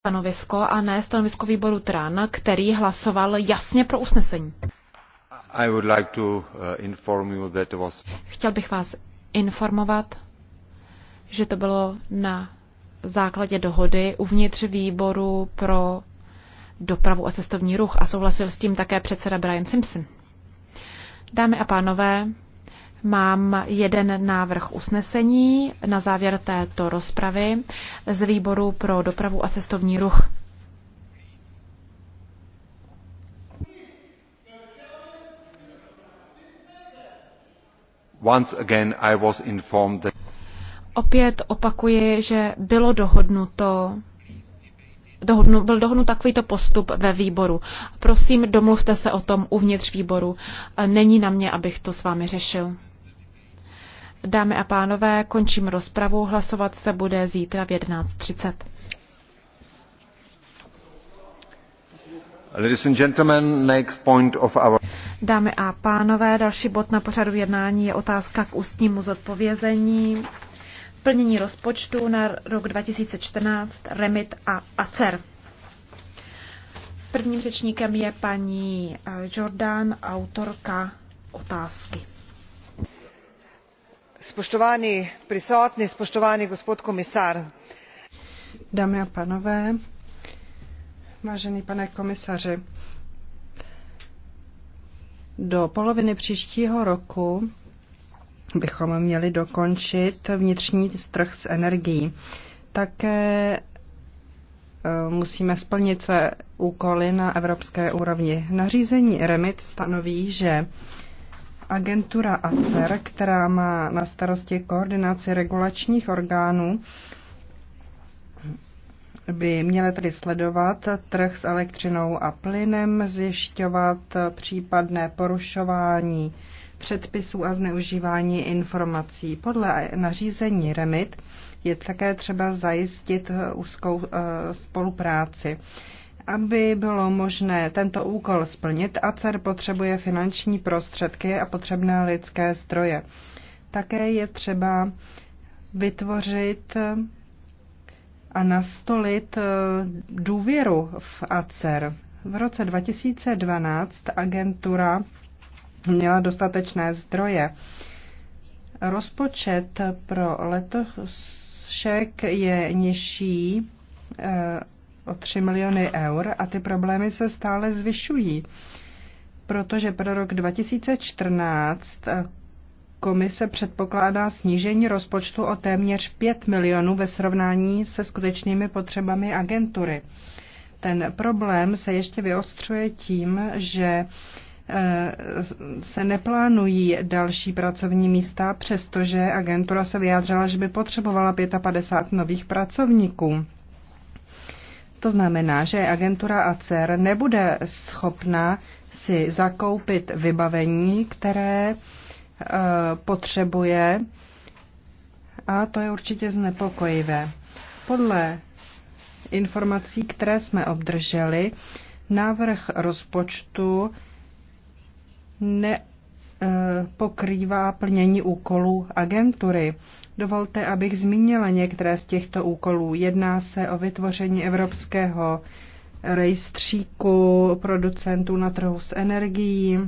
stanovisko a ne stanovisko výboru TRAN, který hlasoval jasně pro usnesení. I would like to uh, inform you that was... Chtěl bych vás informovat, že to bylo na základě dohody uvnitř výboru pro dopravu a cestovní ruch a souhlasil s tím také předseda Brian Simpson. Dámy a pánové, Mám jeden návrh usnesení na závěr této rozpravy z výboru pro dopravu a cestovní ruch. Once again I was informed that... Opět opakuji, že bylo dohodnuto dohodnu, byl dohodnut takovýto postup ve výboru. Prosím, domluvte se o tom uvnitř výboru. Není na mě, abych to s vámi řešil. Dámy a pánové, končím rozpravu. Hlasovat se bude zítra v 11.30. Dámy a pánové, další bod na pořadu jednání je otázka k ústnímu zodpovězení, plnění rozpočtu na rok 2014, REMIT a ACER. Prvním řečníkem je paní eh, Jordan, autorka otázky spoštovani prisotni spoštovani gospod komisar dame a pánové vážený pane komisaři do poloviny příštího roku bychom měli dokončit vnitřní trh s energií. Také eh, musíme splnit své úkoly na evropské úrovni. Nařízení REMIT stanoví, že agentura ACER, e, která má na starosti koordinaci regulačních orgánů, by měla tedy sledovat trh s elektřinou a plynem, zjišťovat případné porušování předpisů a zneužívání informací. Podle nařízení REMIT je také třeba zajistit úzkou eh, spolupráci. Aby bylo možné tento úkol splnit, ACER potřebuje finanční prostředky a potřebné lidské zdroje. Také je třeba vytvořit a nastolit eh, důvěru v ACER. V roce 2012 agentura měla dostatečné zdroje. Rozpočet pro letošek je nižší eh, o 3 miliony eur a ty problémy se stále zvyšují, protože pro rok 2014 komise předpokládá snížení rozpočtu o téměř 5 milionů ve srovnání se skutečnými potřebami agentury. Ten problém se ještě vyostřuje tím, že eh, se neplánují další pracovní místa, přestože agentura se vyjádřila, že by potřebovala 55 nových pracovníků. To znamená, že agentura ACER nebude schopna si zakoupit vybavení, které e, potřebuje a to je určitě znepokojivé. Podle informací, které jsme obdrželi, návrh rozpočtu ne, e, pokrývá plnění úkolů agentury. Dovolte, abych zmínila některé z těchto úkolů. Jedná se o vytvoření evropského rejstříku producentů na trhu s energií.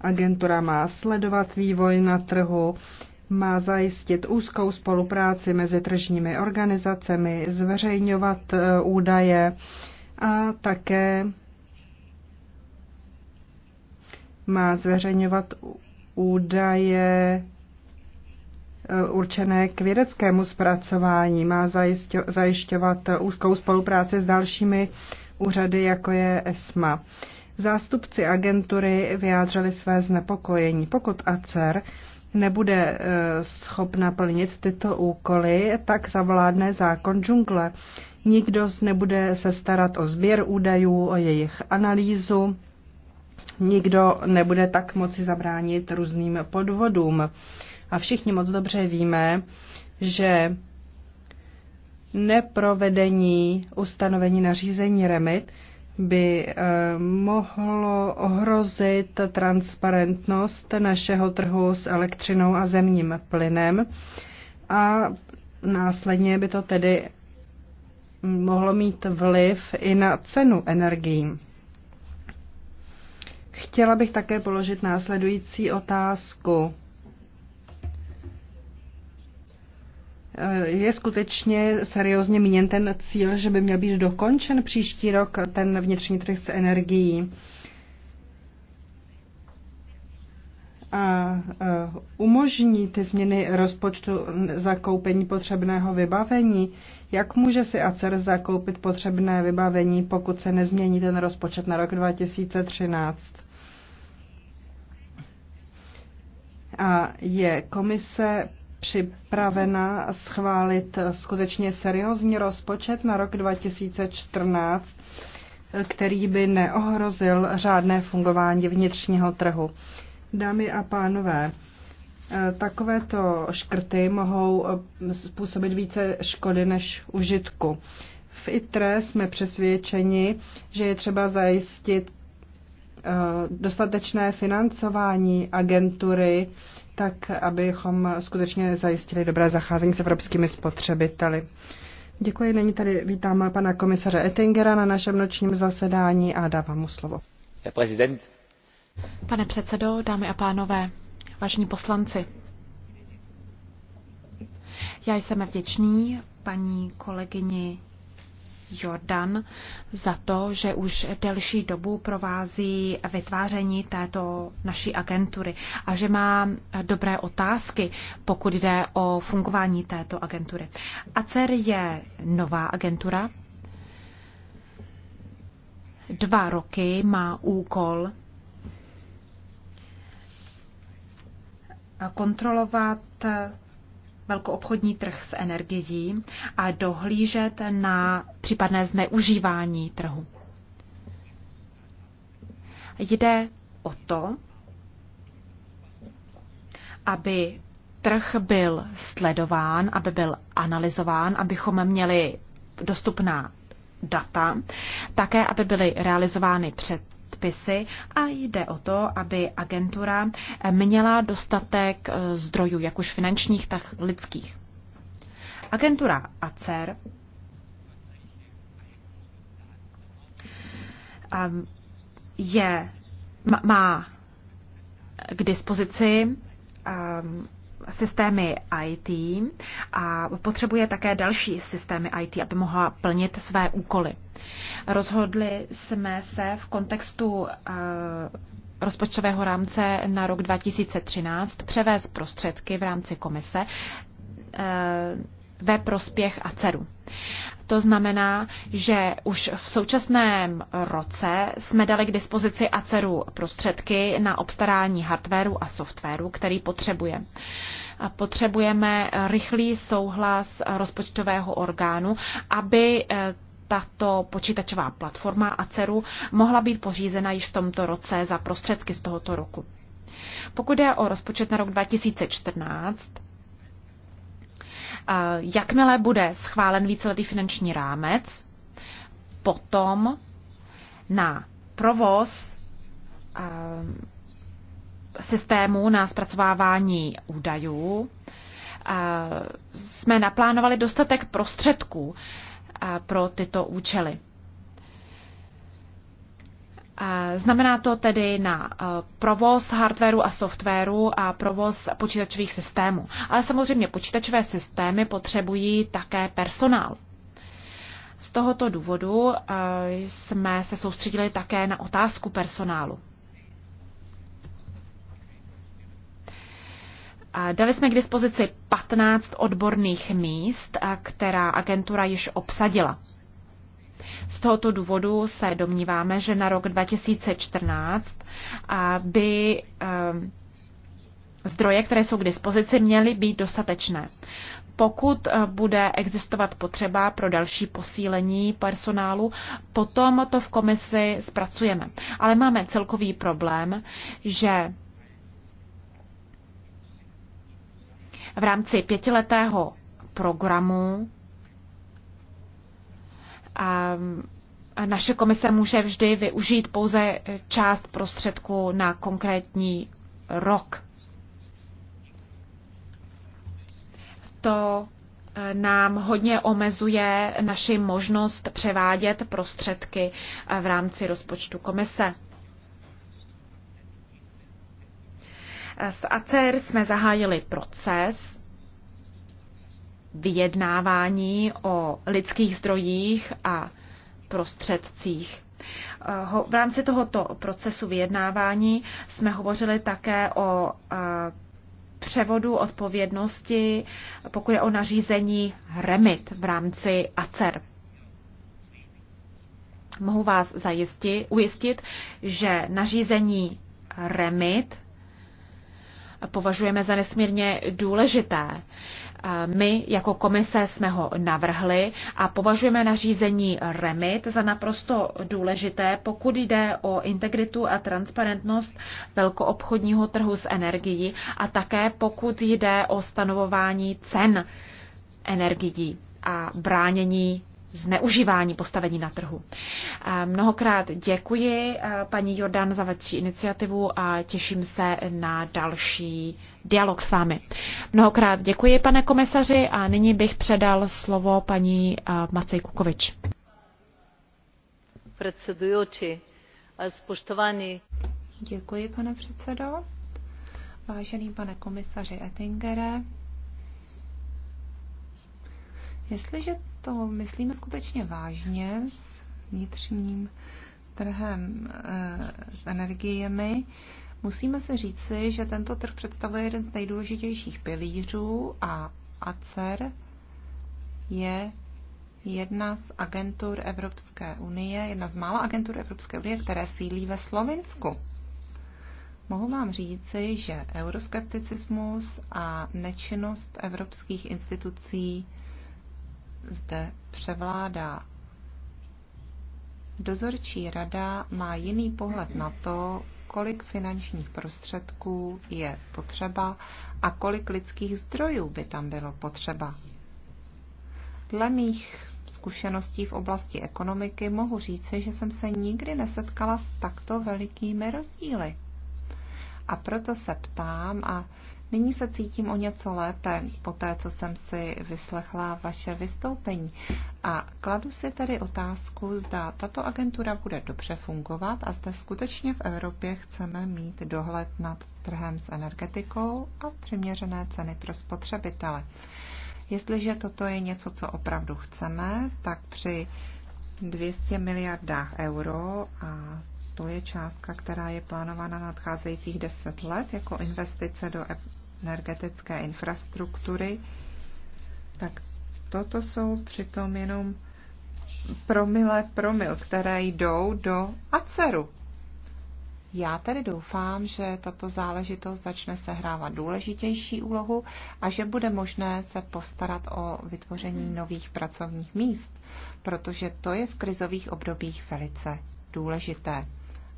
Agentura má sledovat vývoj na trhu, má zajistit úzkou spolupráci mezi tržními organizacemi, zveřejňovat eh, údaje a také má zveřejňovat údaje eh, určené k vědeckému zpracování, má zajišťovat úzkou spolupráci s dalšími úřady, jako je ESMA. Zástupci agentury vyjádřili své znepokojení. Pokud ACER nebude eh, schopna plnit tyto úkoly, tak zavládne zákon džungle. Nikdo nebude se starat o sběr údajů, o jejich analýzu, nikdo nebude tak moci zabránit různým podvodům. A všichni moc dobře víme, že neprovedení ustanovení nařízení REMIT by eh, mohlo ohrozit transparentnost našeho trhu s elektřinou a zemním plynem a následně by to tedy mohlo mít vliv i na cenu energií. Chtěla bych také položit následující otázku. Je skutečně seriózně míněn ten cíl, že by měl být dokončen příští rok ten vnitřní trh s energií? A e, umožní ty změny rozpočtu zakoupení potřebného vybavení? Jak může si ACER zakoupit potřebné vybavení, pokud se nezmění ten rozpočet na rok 2013? A je komise připravena schválit skutečně seriózní rozpočet na rok 2014, který by neohrozil řádné fungování vnitřního trhu. Dámy a pánové, takovéto škrty mohou způsobit více škody než užitku. V ITRE jsme přesvědčeni, že je třeba zajistit Eh, dostatečné financování agentury, tak abychom skutečně zajistili dobré zacházení s evropskými spotřebiteli. Děkuji, není tady, vítám pana komisaře Ettingera na našem nočním zasedání a dávám mu slovo. Pane předsedo, dámy a pánové, vážení poslanci, já jsem vděčný paní kolegyni Jordan za to, že už delší dobu provází vytváření této naší agentury a že má dobré otázky, pokud jde o fungování této agentury. ACER je nová agentura. Dva roky má úkol kontrolovat velkoobchodní trh s energií a dohlížet na případné zneužívání trhu. Jde o to, aby trh byl sledován, aby byl analyzován, abychom měli dostupná data, také aby byly realizovány před předpisy a jde o to, aby agentura měla dostatek eh, zdrojů, jak už finančních, tak lidských. Agentura ACER eh, je, má k dispozici eh, systémy IT a potřebuje také další systémy IT, aby mohla plnit své úkoly. Rozhodli jsme se v kontextu eh, rozpočtového rámce na rok 2013 převést prostředky v rámci komise eh, ve prospěch ACERu. To znamená, že už v současném roce jsme dali k dispozici ACERu prostředky na obstarání hardwareu a softwaru, který potřebuje. Potřebujeme rychlý souhlas rozpočtového orgánu, aby eh, tato počítačová platforma ACERu mohla být pořízena již v tomto roce za prostředky z tohoto roku. Pokud je o rozpočet na rok 2014, Jakmile bude schválen víceletý finanční rámec, potom na provoz ehm, systému na zpracovávání údajů ehm, jsme naplánovali dostatek prostředků eh, pro tyto účely. Znamená to tedy na eh, provoz hardwareu a softwaru a provoz počítačových systémů. Ale samozřejmě počítačové systémy potřebují také personál. Z tohoto důvodu eh, jsme se soustředili také na otázku personálu. Dali jsme k dispozici 15 odborných míst, eh, která agentura již obsadila. Z tohoto důvodu se domníváme, že na rok 2014 by ehm, zdroje, které jsou k dispozici, měly být dostatečné. Pokud eh, bude existovat potřeba pro další posílení personálu, potom to v komisi zpracujeme. Ale máme celkový problém, že v rámci pětiletého programu naše komise může vždy využít pouze část prostředku na konkrétní rok. To e, nám hodně omezuje naši možnost převádět prostředky e, v rámci rozpočtu komise. E, s ACER jsme zahájili proces vyjednávání o lidských zdrojích a prostředcích. Eh, v rámci tohoto procesu vyjednávání jsme hovořili také o eh, převodu odpovědnosti, pokud je o nařízení REMIT v rámci ACER. Mohu vás zajistit, ujistit, že nařízení REMIT považujeme za nesmírně důležité. My jako komise jsme ho navrhli a považujeme nařízení REMIT za naprosto důležité, pokud jde o integritu a transparentnost velkoobchodního trhu s energií a také pokud jde o stanovování cen energií a bránění zneužívání postavení na trhu. Mnohokrát děkuji paní Jordan za vaši iniciativu a těším se na další dialog s vámi. Mnohokrát děkuji, pane komisaři, a nyní bych předal slovo paní Macej Kukovič. Předsedující, spoštovaný. Děkuji, pane předsedo. Vážený pane komisaři Ettingere, Jestliže to myslíme skutečně vážně s vnitřním trhem eh, s energiemi, musíme si říci, že tento trh představuje jeden z nejdůležitějších pilířů a ACER je jedna z agentur Evropské unie, jedna z mála agentur Evropské unie, které sídlí ve Slovinsku. Mohu vám říci, že euroskepticismus a nečinnost evropských institucí zde převládá. Dozorčí rada má jiný pohled na to, kolik finančních prostředků je potřeba a kolik lidských zdrojů by tam bylo potřeba. Dle mých zkušeností v oblasti ekonomiky mohu říci, že jsem se nikdy nesetkala s takto velikými rozdíly. A proto se ptám a nyní se cítím o něco lépe po té, co jsem si vyslechla vaše vystoupení. A kladu si tedy otázku, zda tato agentura bude dobře fungovat a zda skutečně v Evropě chceme mít dohled nad trhem s energetikou a přiměřené ceny pro spotřebitele. Jestliže toto je něco, co opravdu chceme, tak při 200 miliardách euro a to je částka, která je plánována nadcházejících 10 let jako investice do energetické infrastruktury. Tak toto jsou přitom jenom promile promil, které jdou do ACERu. Já tedy doufám, že tato záležitost začne sehrávat důležitější úlohu a že bude možné se postarat o vytvoření nových pracovních míst, protože to je v krizových obdobích velice důležité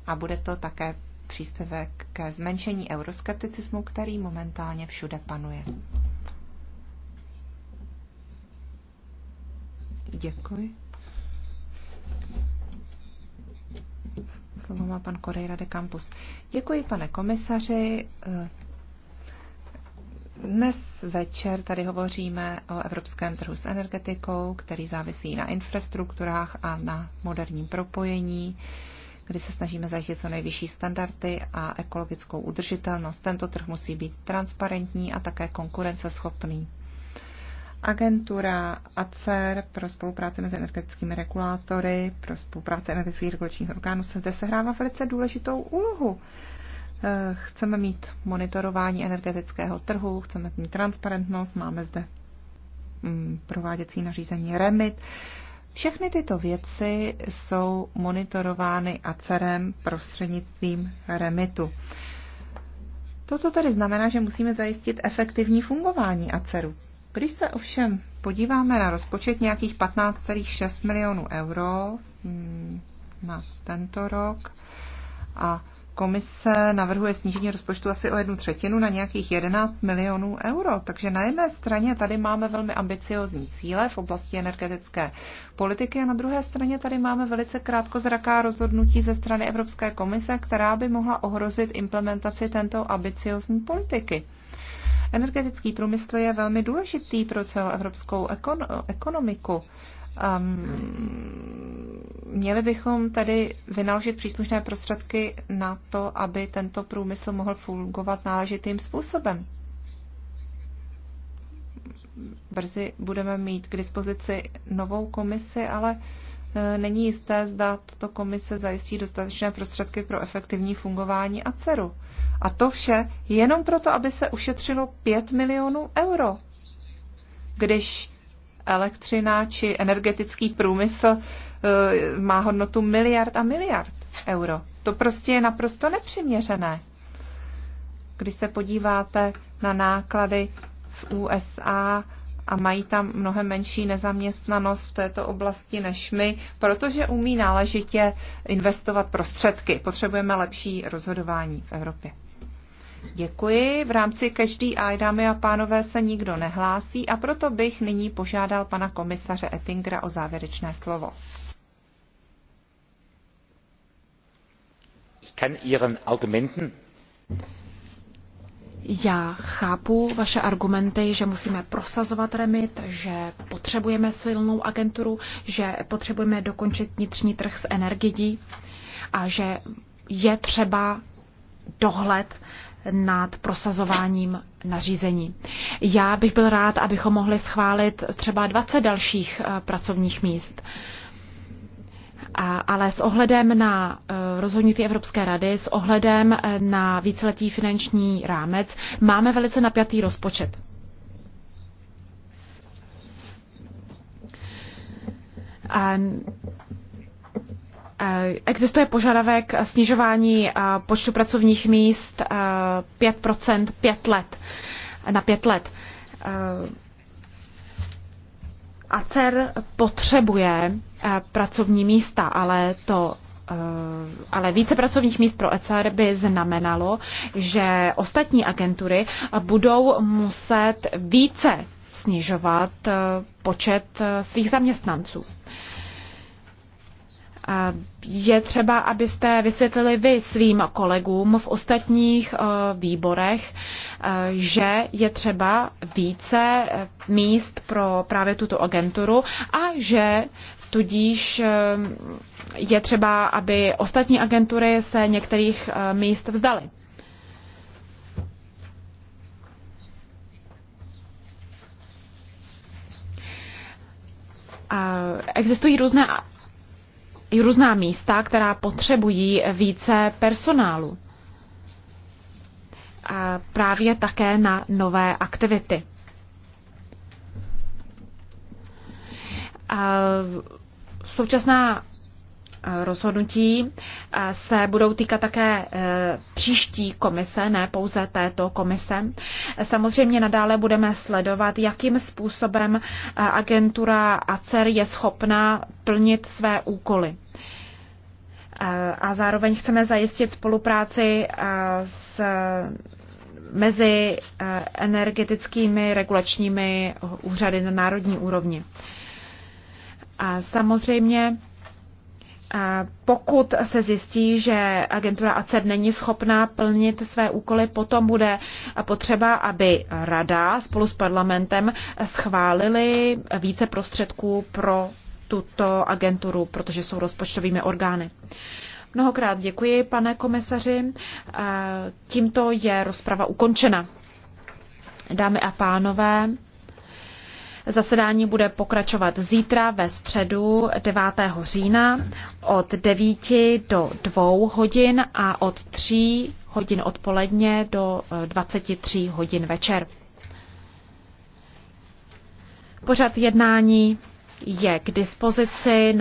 a bude to také příspěvek ke zmenšení euroskepticismu, který momentálně všude panuje. Děkuji. Slovo má pan Korejra de Campus. Děkuji, pane komisaři. Dnes večer tady hovoříme o evropském trhu s energetikou, který závisí na infrastrukturách a na moderním propojení kdy se snažíme zajistit co nejvyšší standardy a ekologickou udržitelnost. Tento trh musí být transparentní a také konkurenceschopný. Agentura ACER pro spolupráci mezi energetickými regulátory, pro spolupráci energetických regulačních orgánů se zde sehrává velice důležitou úlohu. Eh, chceme mít monitorování energetického trhu, chceme mít transparentnost, máme zde mm, prováděcí nařízení REMIT. Všechny tyto věci jsou monitorovány ACERem prostřednictvím REMITu. Toto tedy znamená, že musíme zajistit efektivní fungování ACERu. Když se ovšem podíváme na rozpočet nějakých 15,6 milionů euro mm, na tento rok a komise navrhuje snížení rozpočtu asi o jednu třetinu na nějakých 11 milionů euro. Takže na jedné straně tady máme velmi ambiciozní cíle v oblasti energetické politiky a na druhé straně tady máme velice krátkozraká rozhodnutí ze strany Evropské komise, která by mohla ohrozit implementaci této ambiciozní politiky. Energetický průmysl je velmi důležitý pro celou evropskou ekon- ekonomiku. Um, měli bychom tedy vynaložit příslušné prostředky na to, aby tento průmysl mohl fungovat náležitým způsobem. Brzy budeme mít k dispozici novou komisi, ale e, není jisté, zda tato komise zajistí dostatečné prostředky pro efektivní fungování a ACERu. A to vše jenom proto, aby se ušetřilo 5 milionů euro. Když elektřina či energetický průmysl eh, má hodnotu miliard a miliard euro. To prostě je naprosto nepřiměřené. Když se podíváte na náklady v USA a mají tam mnohem menší nezaměstnanost v této oblasti než my, protože umí náležitě investovat prostředky. Potřebujeme lepší rozhodování v Evropě. Děkuji. V rámci každý a dámy a pánové se nikdo nehlásí a proto bych nyní požádal pana komisaře Ettingera o závěrečné slovo. Já chápu vaše argumenty, že musíme prosazovat remit, že potřebujeme silnou agenturu, že potřebujeme dokončit vnitřní trh s energií a že je třeba dohled nad prosazováním nařízení. Já bych byl rád, abychom mohli schválit třeba 20 dalších eh, pracovních míst. A, ale s ohledem na eh, rozhodnutí Evropské rady, s ohledem eh, na víceletý finanční rámec, máme velice napjatý rozpočet. A Eh, existuje požadavek snižování eh, počtu pracovních míst 5% eh, 5 let, na 5 let. ACER potřebuje pracovní místa, ale to ale více pracovních míst pro ECR e by znamenalo, že ostatní agentury budou muset více snižovat počet svých zaměstnanců. Je třeba, abyste vysvětlili vy svým kolegům v ostatních eh, výborech, eh, že je třeba více eh, míst pro právě tuto agenturu a že tudíž je třeba, aby ostatní agentury se některých míst vzdaly. Existují různé různá místa, která potřebují více personálu. A právě také na nové aktivity. A současná rozhodnutí se budou týkat také eh, příští komise, ne pouze této komise. Samozřejmě nadále budeme sledovat, jakým způsobem eh, agentura ACER je schopna plnit své úkoly. Eh, a zároveň chceme zajistit spolupráci s mezi energetickými regulačními úřady na národní úrovni. A samozřejmě pokud se zjistí, že agentura ACED není schopná plnit své úkoly, potom bude potřeba, aby rada spolu s parlamentem schválili více prostředků pro tuto agenturu, protože jsou rozpočtovými orgány. Mnohokrát děkuji, pane komisaři. Tímto je rozprava ukončena. Dámy a pánové, Zasedání bude pokračovat zítra ve středu 9. října od 9 do 2 hodin a od 3 hodin odpoledně do 23 eh, hodin večer. Pořad jednání je k dispozici